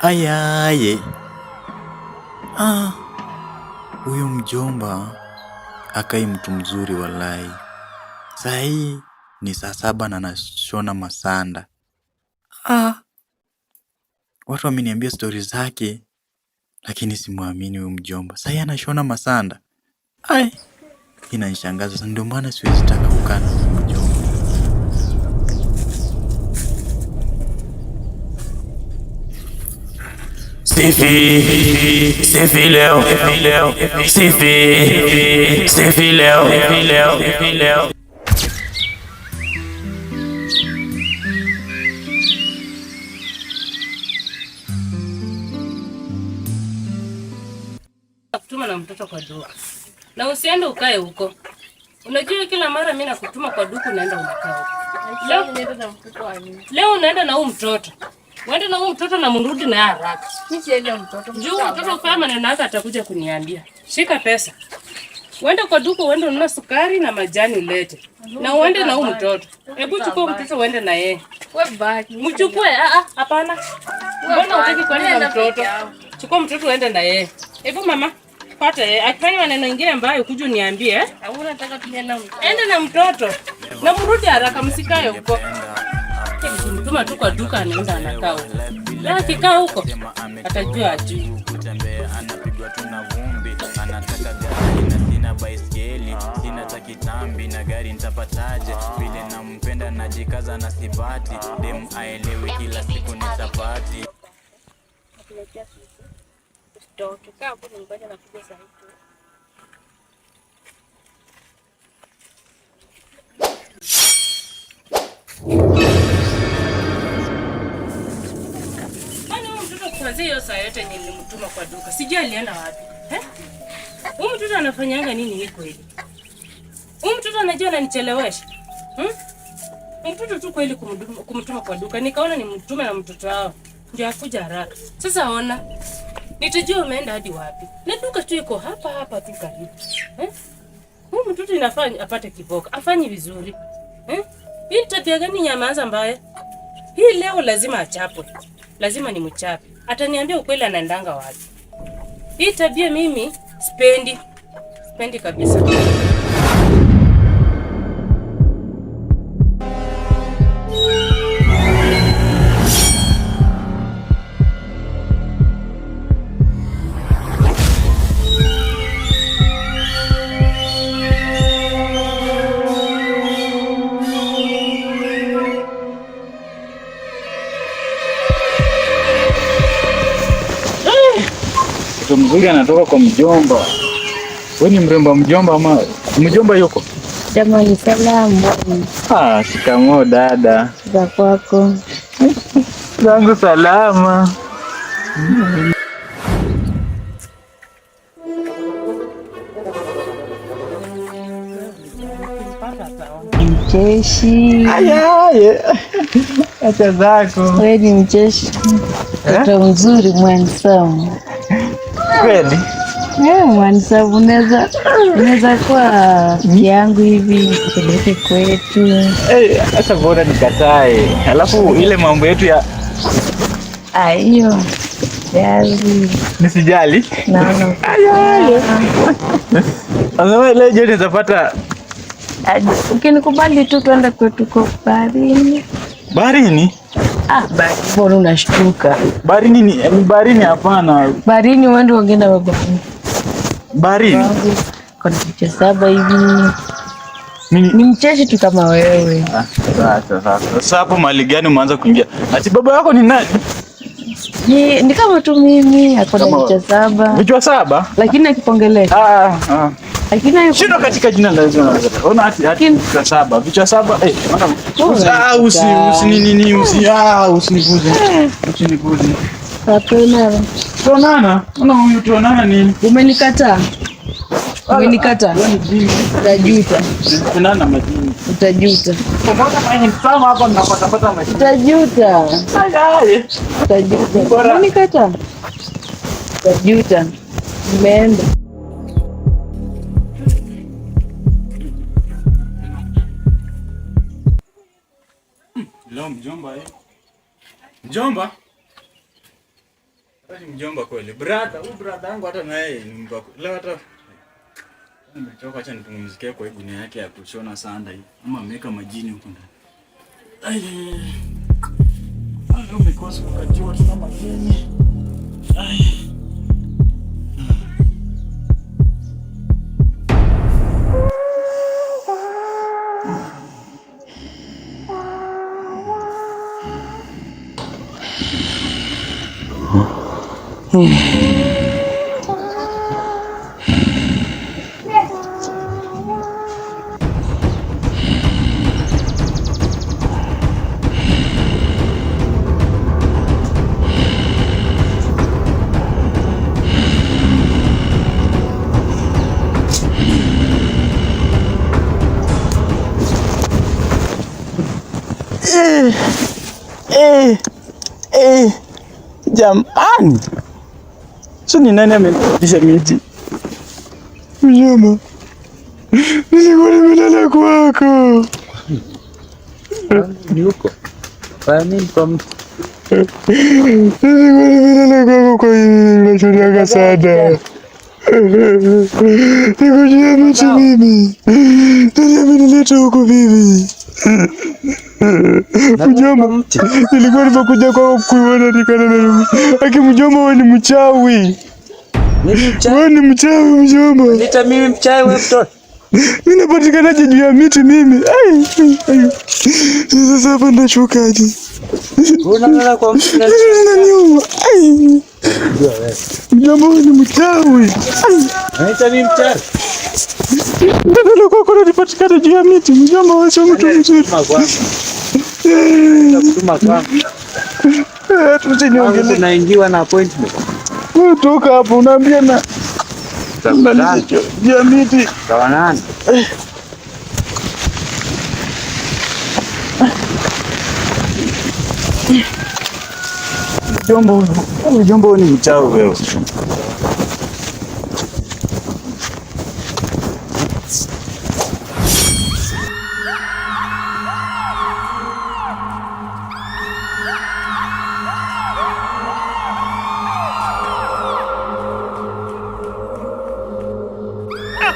Ayaye, ah, huyu ah, mjomba akai mtu mzuri walai. Saa hii ni saa saba na nashona masanda ah. Watu wameniambia stori zake, lakini simwamini huyu mjomba. Sasa anashona masanda. Ai, inanishangaza sana, ndio maana siwezi taka kukaa na mjomba. Sifi, sifi leo, sifi, sifi leo, sifi leo. kutuma na mtoto kwa duka, na usiende ukae huko. Unajua kila mara mimi nakutuma kwa duka, unaenda unakaa huko. Leo unaenda na mtoto Leo na huyu mtoto, uende na huyu mtoto na mrudi na haraka. Juu mtoto Njoo mtoto kwa maneno yake atakuja kuniambia. Shika pesa, uende kwa duka, uende ununue sukari na majani ulete, na uende na huyu mtoto. Hebu chukua mtoto uende na yeye. Wewe baki. Mchukue. a ah, a ah, Hapana, mbona utaki kwenda na mtoto? Chukua mtoto uende na yeye. Hebu mama akipata akifanya maneno mengine ambayo kuja niambie, ende na mtoto na mrudi haraka, msikae huko. Mtuma tu kwa duka, anaenda anakaa huko, na akikaa huko atajua cha kitambi na gari nitapataje? Vile nampenda najikaza na sipati dem aelewe, kila siku nitapati mto. Tukaa hapo nyumbani nakuja saa hizi. Hiyo saa yote nilimtuma kwa duka, sijui alienda wapi. Huyu mtoto anafanyanga nini? Ni kweli huyu mtoto anajua ananichelewesha hmm? Mtoto tu kweli kumtuma kwa duka, nikaona nimtume na mtoto wao ndio akuja haraka. Sasa ona Nitajua umeenda hadi wapi. Na duka tu iko hapa hapa tu karibu. Eh? Huyu mtoto inafanya apate kiboko, afanye vizuri. Eh? Hii tabia gani ya maanza mbaya? Hii leo lazima achapwe. Lazima ni mchape. Ataniambia ukweli anaendanga wapi. Hii tabia mimi sipendi. Sipendi kabisa. mzuri anatoka kwa mjomba. Wewe ni mrembo mjomba ama mjomba yuko? Jamani, salamu. Ah, shikamoo dada. Za kwako. Zangu salama. Mcheshi. Acha zako. Wewe ni mcheshi. Eh? Mtoto mzuri mwanzo kweli? Eh, unaweza kuwa hmm? yangu hivi kupeleke kwetu. Acha eh, bora nikatae, alafu ile mambo yetu ya ah, hiyo nisijali. Leo jioni nitapata ukinikubali tu tuende kwetu kwa baharini. Baharini? mbona unashtuka? Barini ni eh, barini hapana. Barini wewe ungeenda wako. Barini. Kwa kitu saba hivi. Mimi ni mcheshi tu kama wewe. Ah, sasa sasa. Sasa hapo mali gani umeanza kuingia? Ati baba yako ni nani? Ni, ni kama tu mimi, hakuna vichwa saba. Vichwa saba? Lakini akipongelea. Ah, ah. ah. Shida katika jina la Yesu. Ona hati hati saba. Vichwa saba. Tuonana. Ona huyu tuonana nini? Umenikataa. Umenikataa. Utajuta. Tuonana majini. Utajuta. Utajuta. Utajuta. Umenikataa. Utajuta. Umeenda. mjomba eh. Mjomba? Hata mjomba kweli. Brother, huyu brother wangu hata naye ni mba. Leo hata yaani nimechoka, acha nipumzikie kwa gunia yake ya kushona sanda hii. Ama ameweka majini huko ndani. Ai. Ai, umekosa kukajiwa tuna majini. Ai. 嗯。Jamani, si ni nani amenipisha miti? Mjomba, nilikuwa nimelala kwako. Nilikuwa nimelala kwako, kwa nikujia miti mimi, nani amenileta huku mimi? Mjomba, nilikuwa nimekuja kwako kuona nikana na aki. Mjomba, wewe ni mchawi, wewe ni mchawi mjomba. Nita mimi mchawi wewe mtoto mimi napatikanaje juu ya miti mimi? Sasa hapa nashukaje? Unalala kwa mtu na ananiuma. Mjomba, wewe ni mchawi. Nita mimi mchawi. Ndio nilikuwa kuna nipatikane juu ya miti, mjomba wa mtu eh, mzuri. Eh. Eh, Tusiniongele. Unaingiwa na appointment. Wewe toka hapo unaambia na juu ya miti. Sawa nani? Mjomba, mjomba ni mchao wewe.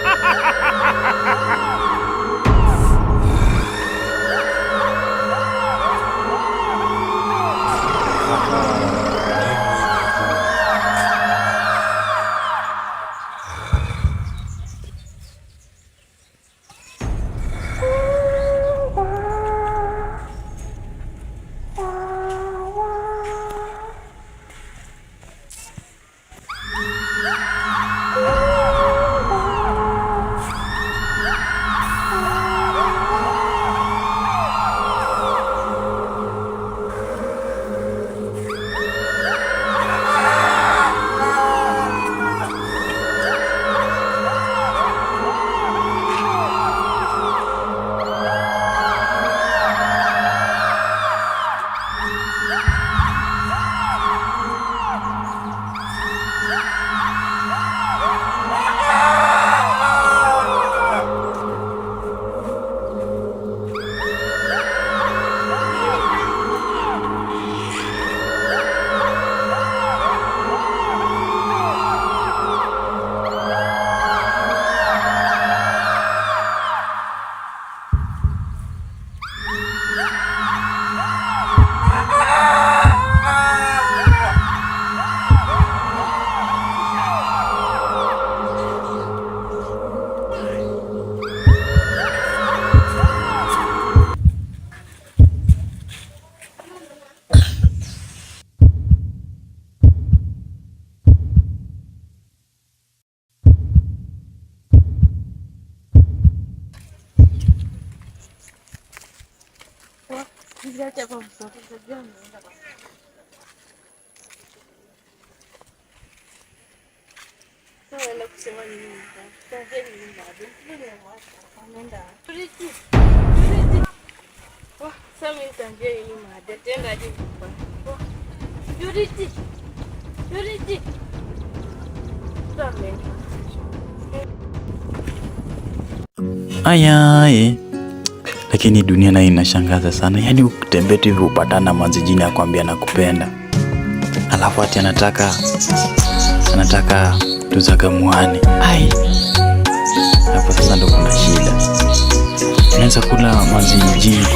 ha ha ha ha Hadi yapalım. Zaten biliyor musun? Şöyle kusura bakmayın. Ben gelmeyeyim abi. Bilmiyorum artık. Aman da. Üretici. Üretici. Wah, sen insan gelmeyeyim abi. Tenda değil. Wah. Üretici. Üretici. Tamam. Ay ay. Lakini dunia nayo inashangaza sana, yaani ukitembea tu hivi upatana manzijini akwambia nakupenda, alafu ati anataka anataka tuzagamuane. Ai, hapo sasa ndo kuna shida, unaweza kula manzijini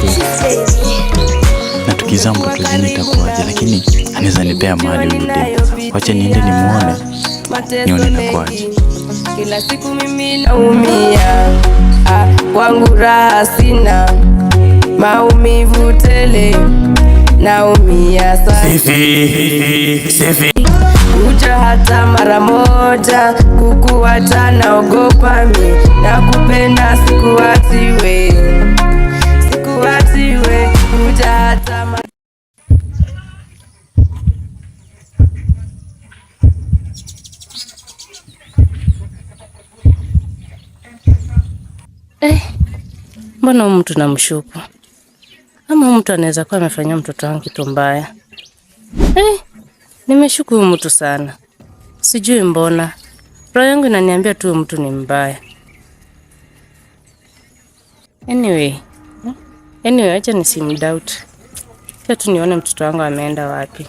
na tukizaa mtoto jini itakuwaje? Lakini anaweza nipea mali huyu wacha niende nimuone nione itakuwaje. Kila siku mimi naumia kwangu raha sina, maumivu tele, naumia sana kuja hata mara moja kukuacha, naogopa mi na kupenda sikuwatiwe mbona huyu mtu namshuku, ama huyu mtu anaweza kuwa amefanyia mtoto wangu kitu mbaya. Eh, nimeshuku huyu mtu sana, sijui mbona roho yangu inaniambia tu mtu ni mbaya. Anyway, anyway, acha nisimdoubt tu, nione mtoto wangu ameenda wapi.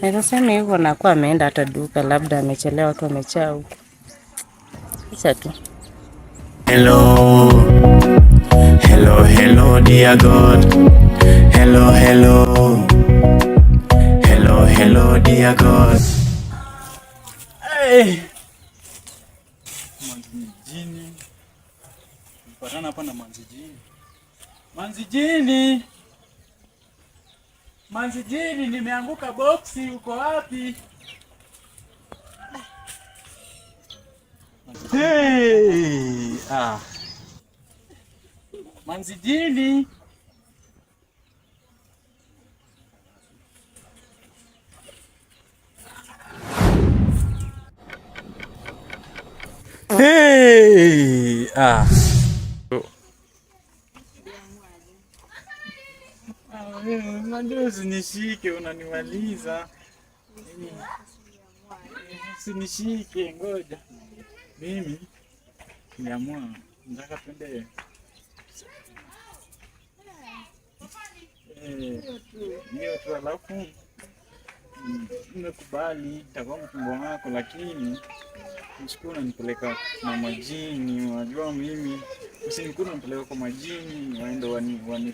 Naweza sema hivyo na kuwa ameenda hata duka, labda amechelewa, watu wamechaa huko. Isa tu. Hello. Hello, hello, dear God. Hello, hello. Hello, hello, dear God. Hey. Manzijini. Patana hapa na Manzijini. Manzijini. Manzijini, nimeanguka boksi, uko wapi? Hey. Ah. Manzidili. Hey! Ah. Usinishike, unanimaliza. Usinishike, ngoja mimi niamua, nataka twende hiyo tu, alafu nimekubali takuwa mtumbo wako, lakini usiku unanipeleka na majini. Unajua mimi usiku unanipeleka kwa majini, waende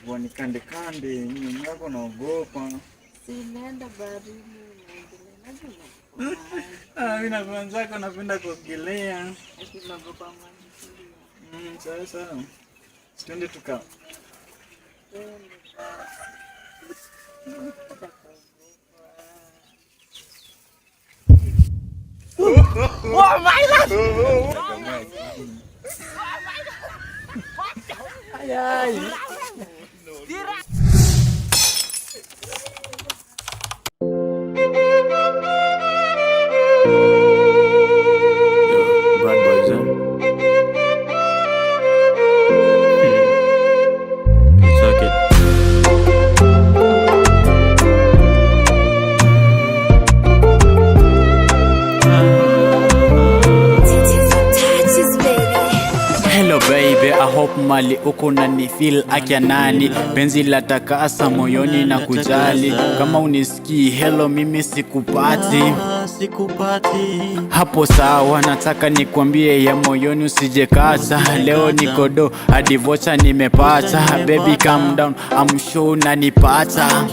wanikande kande, mimi yako naogopa ah, mimi na wenzako napenda kuogelea. Mm, Sasa situende tuka Oh my God! Oh my Ayan! Tira! mali uko na akyanani akia nani penzi la takasa moyoni na kujali kama unisikii hello mimi sikupati sikupati hapo. Sawa, nataka nikwambie ya moyoni, usijekata leo niko do hadi vocha nimepata. Baby calm down, I'm sure unanipata.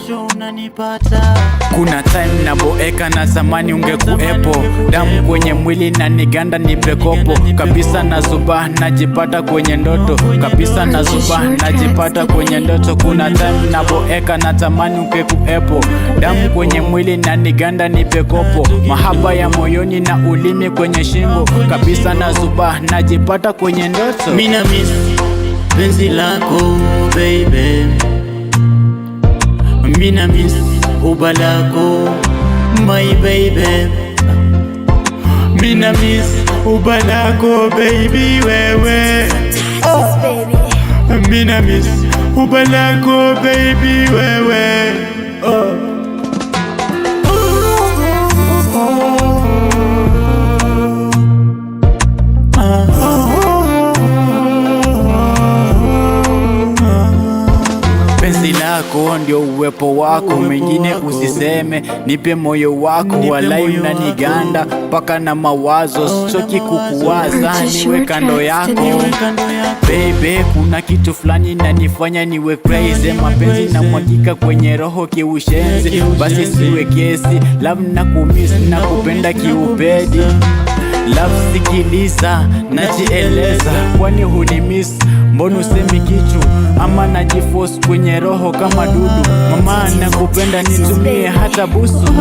Kuna time na boeka na zamani ungekuepo, damu kwenye mwili na niganda nipekopo kabisa, na zuba najipata kwenye ndoto kabisa, na zuba najipata kwenye ndoto. Kuna time na boeka na zamani ungekuepo, damu kwenye mwili na niganda nipekopo mahaba ya moyoni na ulimi kwenye shingo kabisa na zuba najipata kwenye ndoto. Mina miss penzi lako baby, mina miss uba lako my baby, mina miss uba lako baby wewe oh. mina miss uba lako baby wewe yako ndio uwepo wako, mengine usiseme, nipe moyo wako. Walai unaniganda mpaka na mawazo, sitoki kukuwaza, niwe kando yako bebe. Kuna kitu fulani nanifanya niwe crazy, mapenzi na mwakika kwenye roho kiushenzi, basi siwe kesi, love na kumisi na kupenda kiupedi Love sikiliza, najieleza, kwani hunimisi mbona usemi kitu ama najiforce kwenye roho kama dudu mama nakupenda nitumie hata busu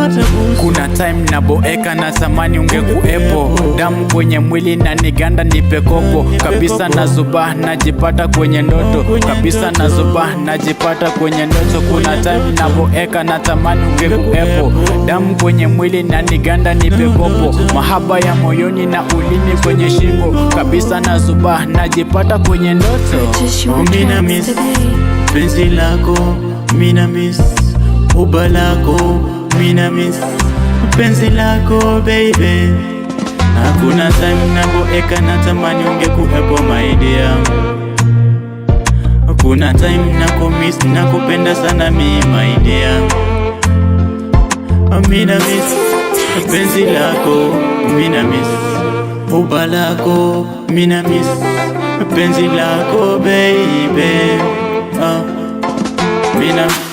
kuna time naboeka na samani ungekuepo damu kwenye mwili na niganda nipekopo kabisa na zuba najipata kwenye ndoto kabisa na zuba najipata kwenye ndoto kuna time naboeka na tamani ungekuepo damu kwenye mwili na niganda nipekopo mahaba ya moyoni na ulini kwenye shingo kabisa na zuba najipata kwenye ndoto so watoto mina miss penzi lako mina miss uba lako mina miss penzi lako baby, hakuna time naboeka na tamani ungekuwepo my dear. Hakuna time nako miss nakupenda sana mi my dear, mina miss penzi lako mina miss uba lako mina miss penzi lako baby, ah,